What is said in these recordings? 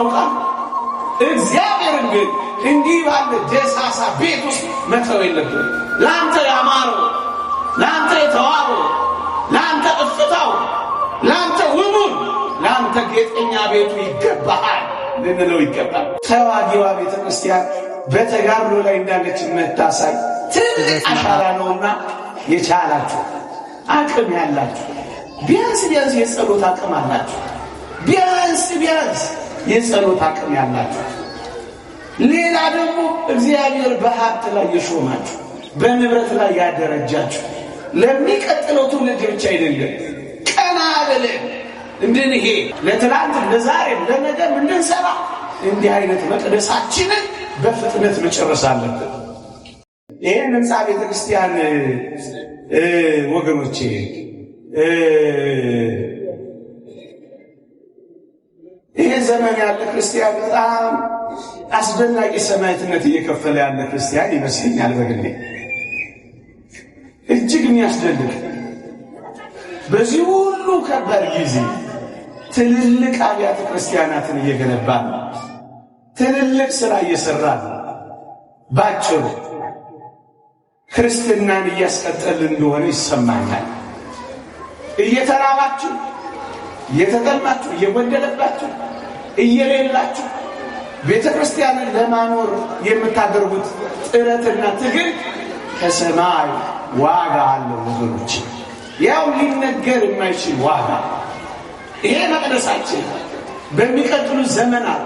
ያውቃል። እግዚአብሔርን ግን እንዲህ ባለ ደሳሳ ቤት ውስጥ መተው የለብን። ለአንተ ያማረው፣ ለአንተ የተዋበው፣ ለአንተ እፍታው፣ ለአንተ ውቡን፣ ለአንተ ጌጠኛ ቤቱ ይገባሃል ልንለው ይገባል። ተዋጊዋ ቤተ ክርስቲያን በተጋድሎ ላይ እንዳለች መታሳይ ትልቅ አሻራ ነውና የቻላችሁ አቅም ያላችሁ ቢያንስ ቢያንስ የጸሎት አቅም አላችሁ ቢያንስ ቢያንስ የጸሎት አቅም ያላችሁ፣ ሌላ ደግሞ እግዚአብሔር በሀብት ላይ የሾማችሁ በንብረት ላይ ያደረጃችሁ ለሚቀጥለው ትውልድ ብቻ አይደለም። ቀና ብለን እንድንሄ ለትናንትም፣ ለዛሬም፣ ለነገም እንድንሰራ እንዲህ አይነት መቅደሳችንን በፍጥነት መጨረስ አለብን። ይህን ህንፃ ቤተ ክርስቲያን ወገኖቼ ዘመን ያለ ክርስቲያን በጣም አስደናቂ ሰማዕትነት እየከፈለ ያለ ክርስቲያን ይመስለኛል። በግሌ እጅግ የሚያስደንቅ በዚህ ሁሉ ከባድ ጊዜ ትልልቅ አብያተ ክርስቲያናትን እየገነባ ነው። ትልልቅ ስራ እየሰራ ነው። ባጭሩ ክርስትናን እያስቀጠል እንደሆነ ይሰማኛል። እየተራባችሁ እየተጠማችሁ እየጎደለባችሁ እየሌላችሁ ቤተ ክርስቲያንን ለማኖር የምታደርጉት ጥረትና ትግል ከሰማይ ዋጋ አለው ወገኖች፣ ያው ሊነገር የማይችል ዋጋ። ይሄ መቅደሳችን በሚቀጥሉ ዘመናት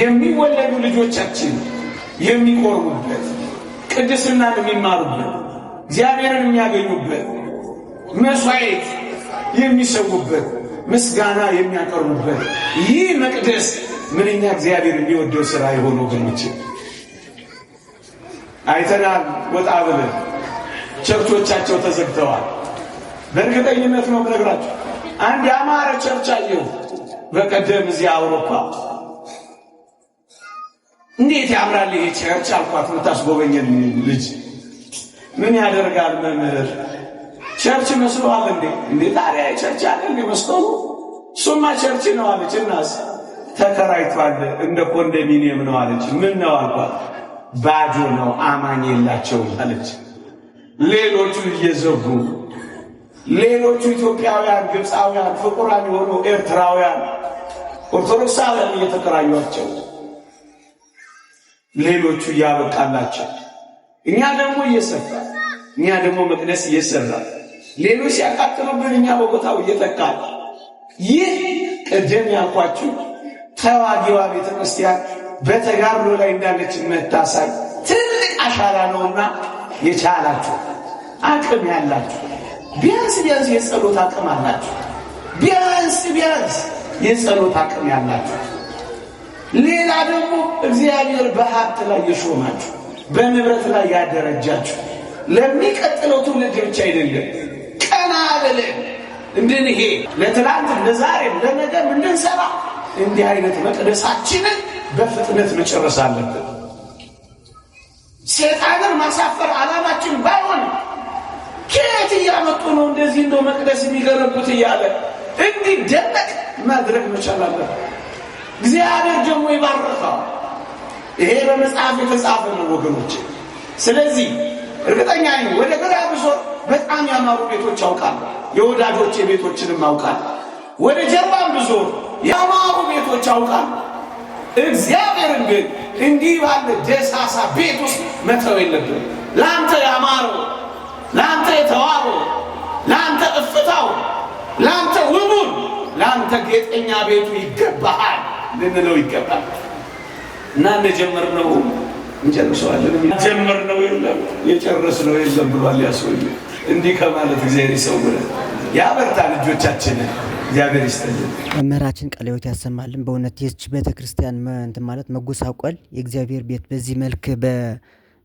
የሚወለዱ ልጆቻችን የሚቆርቡበት፣ ቅድስናን የሚማሩበት፣ እግዚአብሔርን የሚያገኙበት፣ መስዋዕት የሚሰውበት ምስጋና የሚያቀርቡበት ይህ መቅደስ ምንኛ እግዚአብሔር የሚወደው ስራ የሆነ ወገኖች አይተናል። ወጣ ብለን ቸርቾቻቸው ተዘግተዋል። በእርግጠኝነት ነው የምነግራቸው። አንድ ያማረ ቸርች አየሁ በቀደም እዚ አውሮፓ። እንዴት ያምራል ይሄ ቸርች አልኳት፣ የምታስጎበኘን ልጅ። ምን ያደርጋል መምህር ቸርች መስሏል እንዴ? እንዴ ታዲያ ቸርች አለ እንዴ እሱማ ቸርች ነው አለች። እናስ ተከራይቷል፣ እንደ ኮንዶሚኒየም ነው አለች። ምን ነው አልኳት። ባዶ ነው አማኝ የላቸውም አለች። ሌሎቹ እየዘጉ ሌሎቹ ኢትዮጵያውያን፣ ግብፃውያን፣ ፍቁራን የሆኑ ኤርትራውያን አለም እየተከራዩቸው ሌሎቹ እያበቃላቸው እኛ ደግሞ እየሰፋ እኛ ደግሞ መቅደስ እየሰራ ሌሎች ሲያቃጥሉብን እኛ በቦታው እየተካል ይህ ቅድም ያልኳችሁ ተዋጊዋ ቤተ ክርስቲያን በተጋድሎ ላይ እንዳለች መታሳይ ትልቅ አሻራ ነውና የቻላችሁ አቅም ያላችሁ ቢያንስ ቢያንስ የጸሎት አቅም አላችሁ። ቢያንስ ቢያንስ የጸሎት አቅም ያላችሁ ሌላ ደግሞ እግዚአብሔር በሀብት ላይ የሾማችሁ በንብረት ላይ ያደረጃችሁ ለሚቀጥለው ትውልድ ብቻ አይደለም። ቀና ብለን እንድንሄድ ለትላንት ለዛሬ ለነገም እንድንሰራ እንዲህ አይነት መቅደሳችንን በፍጥነት መጨረስ አለብን። ሴጣንን ማሳፈር ዓላማችን ባይሆን ከየት እያመጡ ነው እንደዚህ እንደው መቅደስ የሚገረቡት እያለ እንዲደነቅ ማድረግ መቻል አለብን። እግዚአብሔር ደግሞ ይባርካል። ይሄ በመጽሐፍ የተጻፈ ነው ወገኖች። ስለዚህ እርግጠኛ ወደ ግራ ብዞር በጣም ያማሩ ቤቶች አውቃለሁ። የወዳጆቼ ቤቶችንም አውቃለሁ። ወደ ጀርባም ብዙ ያማሩ ቤቶች አውቃለሁ። እግዚአብሔርን ግን እንዲህ ባለ ደሳሳ ቤት ውስጥ መተው የለብን። ለአንተ ያማረው፣ ለአንተ የተዋበው፣ ለአንተ እፍታው፣ ለአንተ ውቡን፣ ለአንተ ጌጠኛ ቤቱ ይገባሃል ልንለው ይገባል እና እንደጀመርነው እንጨርሰዋለን። ጀመርነው የለም የጨረስነው የለም ብሏል ያስወየ እንዲህ ከማለት እግዚአብሔር ይሰውረን፣ ያበርታ ልጆቻችንን። መምህራችን ቃለ ሕይወት ያሰማልን። በእውነት ቤተ ክርስቲያን እንትን ማለት መጎሳቆል የእግዚአብሔር ቤት በዚህ መልክ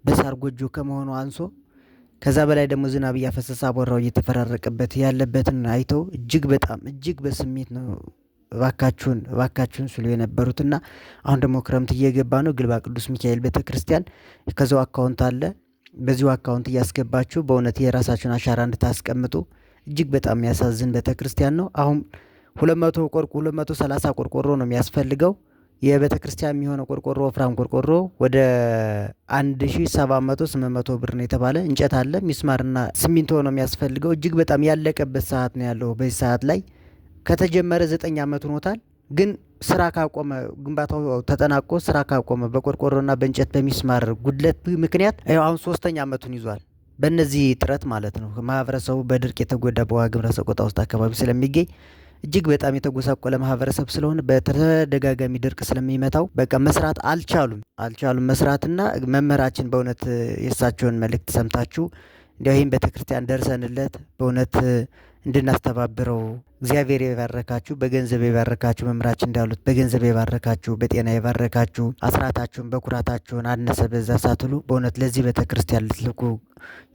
በሳር ጎጆ ከመሆኑ አንሶ ከዛ በላይ ደግሞ ዝናብ እያፈሰሰ አቦራው እየተፈራረቀበት ያለበትን አይተው እጅግ በጣም እጅግ በስሜት ነው እባካችሁን እባካችሁን ስሉ የነበሩትና አሁን ደግሞ ክረምት እየገባ ነው። ግልባ ቅዱስ ሚካኤል ቤተ ክርስቲያን ከዛው አካውንት አለ በዚሁ አካውንት እያስገባችሁ በእውነት የራሳችሁን አሻራ እንድታስቀምጡ እጅግ በጣም የሚያሳዝን ቤተ ክርስቲያን ነው። አሁን 200 ቆርቆ ሰላሳ ቆርቆሮ ነው የሚያስፈልገው የቤተ ክርስቲያን የሚሆነው ቆርቆሮ ወፍራም ቆርቆሮ ወደ 1700 መቶ ብር ነው የተባለ እንጨት አለ ሚስማርና ሲሚንቶ ነው የሚያስፈልገው። እጅግ በጣም ያለቀበት ሰዓት ነው ያለው። በዚህ ሰዓት ላይ ከተጀመረ ዘጠኝ ዓመት ሆኖታል። ግን ስራ ካቆመ ግንባታው ተጠናቆ ስራ ካቆመ በቆርቆሮና በእንጨት በሚስማር ጉድለት ምክንያት አሁን ሶስተኛ አመቱን ይዟል። በእነዚህ ጥረት ማለት ነው ማህበረሰቡ በድርቅ የተጎዳ በዋግ ኽምራ ሰቆጣ ውስጥ አካባቢ ስለሚገኝ እጅግ በጣም የተጎሳቆለ ማህበረሰብ ስለሆነ በተደጋጋሚ ድርቅ ስለሚመታው በቃ መስራት አልቻሉም አልቻሉም መስራትና መምህራችን በእውነት የእሳቸውን መልእክት ሰምታችሁ እንዲያው ይህም ቤተክርስቲያን ደርሰንለት በእውነት እንድናስተባብረው እግዚአብሔር የባረካችሁ በገንዘብ የባረካችሁ መምራች እንዳሉት በገንዘብ የባረካችሁ በጤና የባረካችሁ አስራታችሁን በኩራታችሁን አነሰ በዛ ሳትሉ በእውነት ለዚህ ቤተ ክርስቲያን ልትልኩ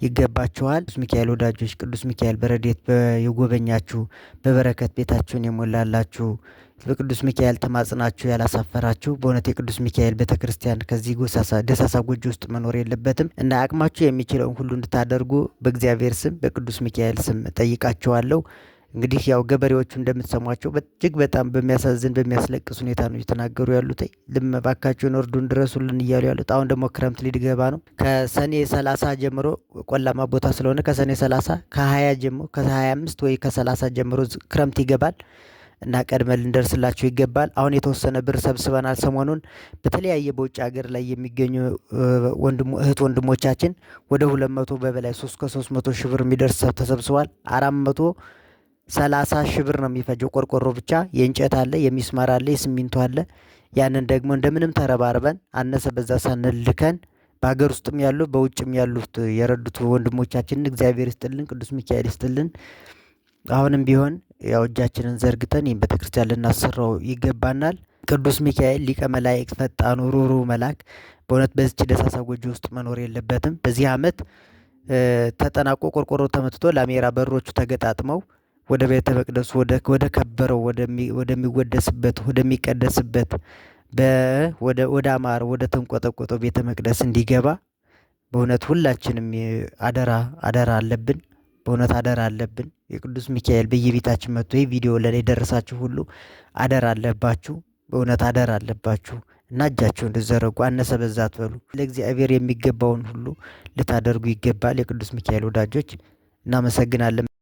ይገባችኋል። ቅዱስ ሚካኤል ወዳጆች፣ ቅዱስ ሚካኤል በረዴት የጎበኛችሁ በበረከት ቤታችሁን የሞላላችሁ በቅዱስ ሚካኤል ተማጽናችሁ ያላሳፈራችሁ በእውነት የቅዱስ ሚካኤል ቤተ ክርስቲያን ከዚህ ደሳሳ ጎጆ ውስጥ መኖር የለበትም እና አቅማችሁ የሚችለውን ሁሉ እንድታደርጉ በእግዚአብሔር ስም በቅዱስ ሚካኤል ስም ጠይቃችኋለሁ። እንግዲህ ያው ገበሬዎቹ እንደምትሰሟቸው እጅግ በጣም በሚያሳዝን በሚያስለቅስ ሁኔታ ነው እየተናገሩ ያሉት። ልመባካቸውን እርዱን ድረሱልን እያሉ ያሉት። አሁን ደግሞ ክረምት ሊገባ ነው። ከሰኔ ሰላሳ ጀምሮ ቆላማ ቦታ ስለሆነ ከሰኔ ሰላሳ ከሀያ ጀምሮ ከሀያ አምስት ወይ ከሰላሳ ጀምሮ ክረምት ይገባል። እና ቀድመ ልንደርስላቸው ይገባል። አሁን የተወሰነ ብር ሰብስበናል። ሰሞኑን በተለያየ በውጭ ሀገር ላይ የሚገኙ እህት ወንድሞቻችን ወደ ሁለት መቶ በበላይ ሶስት ከሶስት መቶ ሺህ ብር የሚደርስ ተሰብስቧል። አራት መቶ ሰላሳ ሺህ ብር ነው የሚፈጀው ቆርቆሮ ብቻ። የእንጨት አለ፣ የሚስማር አለ፣ የሲሚንቶ አለ። ያንን ደግሞ እንደምንም ተረባርበን አነሰ በዛ ሳንልከን በሀገር ውስጥም ያሉ በውጭም ያሉት የረዱት ወንድሞቻችንን እግዚአብሔር ይስጥልን፣ ቅዱስ ሚካኤል ይስጥልን። አሁንም ቢሆን ያው እጃችንን ዘርግተን ይህን ክርስቲያን ልናሰራው ይገባናል። ቅዱስ ሚካኤል ሊቀ መላእክት ፈጣኑ ሩሩ መልአክ በእውነት በዚች ደሳሳ ጎጆ ውስጥ መኖር የለበትም። በዚህ ዓመት ተጠናቆ ቆርቆሮ ተመትቶ ላሜራ በሮቹ ተገጣጥመው ወደ ቤተ መቅደሱ ወደ ከበረው ወደሚወደስበት ወደሚቀደስበት ወደ አማር ወደ ተንቆጠቆጠው ቤተ መቅደስ እንዲገባ በእውነት ሁላችንም አደራ አደራ አለብን። በእውነት አደራ አለብን የቅዱስ ሚካኤል በየቤታችን መጥቶ ይህ ቪዲዮ ላይ የደረሳችሁ ሁሉ አደራ አለባችሁ። በእውነት አደራ አለባችሁ እና እጃችሁ እንድዘረጉ አነሰ በዛ አትበሉ። ለእግዚአብሔር የሚገባውን ሁሉ ልታደርጉ ይገባል። የቅዱስ ሚካኤል ወዳጆች እናመሰግናለን።